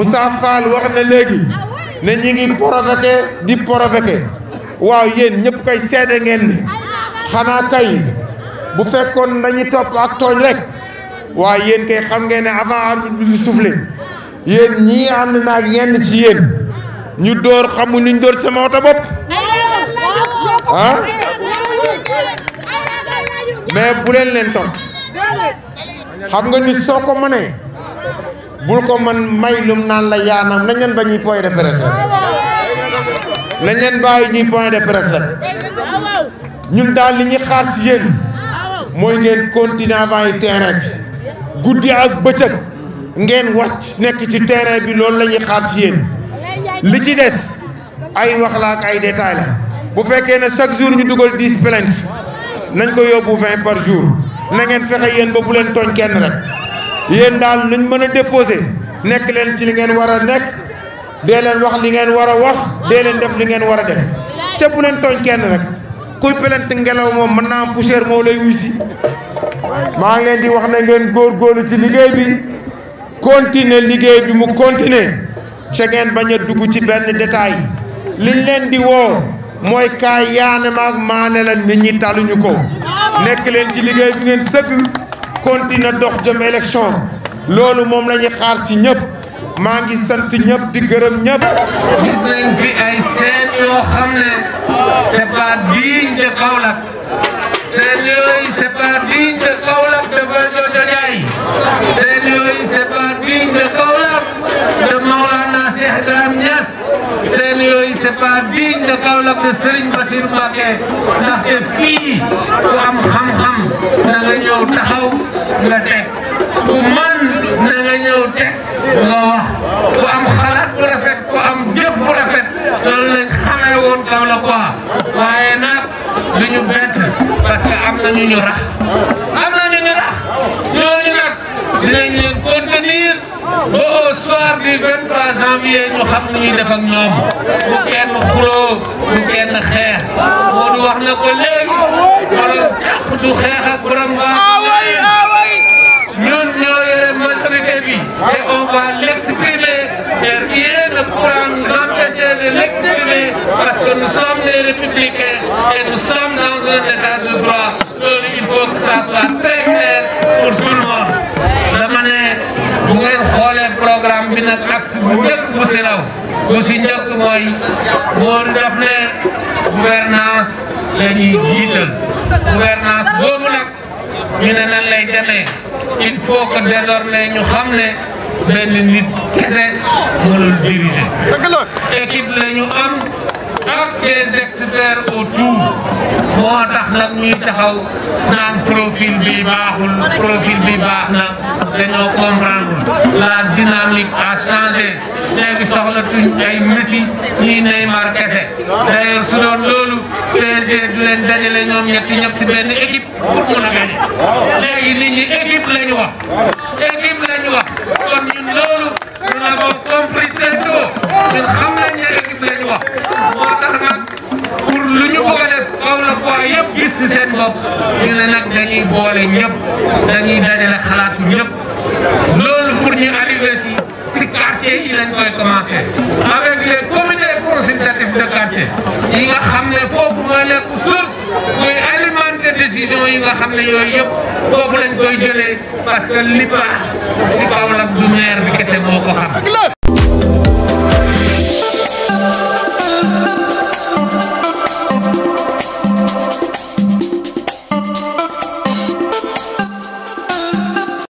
Moussa Fall wax na léegi ne ñi ngi provoqué di provoqué waaw yéen ñëpp kay seede ngeen ne xanaa kay bu fekkoon dañuy topp ak tooñ rek waaye yéen kay xam ngeen ne avant arbitre bi di soufflé yéen ñii ànd ak yenn ci yéen ñu dóor xamu ñu dóor sama oto bopp ah mais bu leen leen tont xam nga nit soo ko mënee bul ko man may lum naan la yaanam nañ leen ba ñuy point de presse nañ leen ba ñuy point de presse rek ñun daal li ñuy xaar ci yéen mooy ngeen continuer avant yi terrain bi guddi ak bëccëg ngeen wàcc nekk ci terrain bi loolu la ñuy xaar ci li ci des ay wax la ak ay détails la bu fekkee ne chaque jour ñu dugal dix nañ ko yóbbu vingt par jour na ngeen fexe yéen ba bu leen tooñ kenn rek. yéen daal luñ mën a déposé nekk leen ci li ngeen war a nekk dee leen wax li ngeen war a wax dee leen def li ngeen war a def te bu leen tooñ kenn rek kuy pelente ngelaw moom mën naa am poussière moo lay wuy si maa ngi leen di wax na góor góorgóorlu ci liggéey bi continuer liggéey bi mu continuer ca ngeen bañ a dugg ci benn détail liñ leen di woo mooy kaay yaane maag maane la nit ñi taluñu ko nekk leen ci liggéey bi ngeen sëgg continuer dox jëm élection loolu moom la ñuy xaar ci ñëpp maa ngi sant ñëpp di gërëm ñëpp. gis nañ fi ay seen yoo xam ne c'est pas digne de c'est pas digne de Kaolack de Serigne Bassirou Mbacké ndaxte fii ku am xam-xam na nga ñëw taxaw nga teg ku man na nga ñëw teg nga wax ku am xalaat bu rafet ku am jëf bu rafet loolu lañ xamee woon Kaolack quoi waaye nag lu ñu bett parce que am na ñu ñu rax am na ñu ñu rax ñooñu nag dinañ leen ko ba au soir du 23 janvier ñu xam nu ñuy def ak ñoom bu kenn xuloo bu kenn xeex Modou wax na ko léegi borom càq du xeex ak borom baax ñun ñoo yore majorité bi on va l'exprimer et rien ne pourra nous empêcher de l'exprimer parce que bu njëkk bu selaw bu si njëkk mooy moom daf ne gouvernance la ñuy jiital gouvernance boobu nag ñu ne nan lay demee il faut que désormais ñu xam ne benn nit kese mënul diriger équipe la ñu am ak des experts autour moo tax nag ñuy taxaw naan bi baaxul profil bi baax na dañoo comprendre la dynamique a changé léegi soxlatuñ ay Messi ñii Neymar kese d'ailleurs su doon loolu PSG du leen dajale ñoom ñetti ñëpp si benn équipe pour mun a gagné la ñu wax équipe la ñu wax si seen bopp ñu ne nag dañuy boole ñëpp dañuy dajale xalaatu ñëpp loolu pour ñu arriver si si quartier yi koy commencé avec les comités consultatifs de quartier yi nga xam ne foofu mooy nekk source muy alimenter décision yooyu yëpp foofu lañ koy jëlee parce que li baax si Kaolack du bi kese moo ko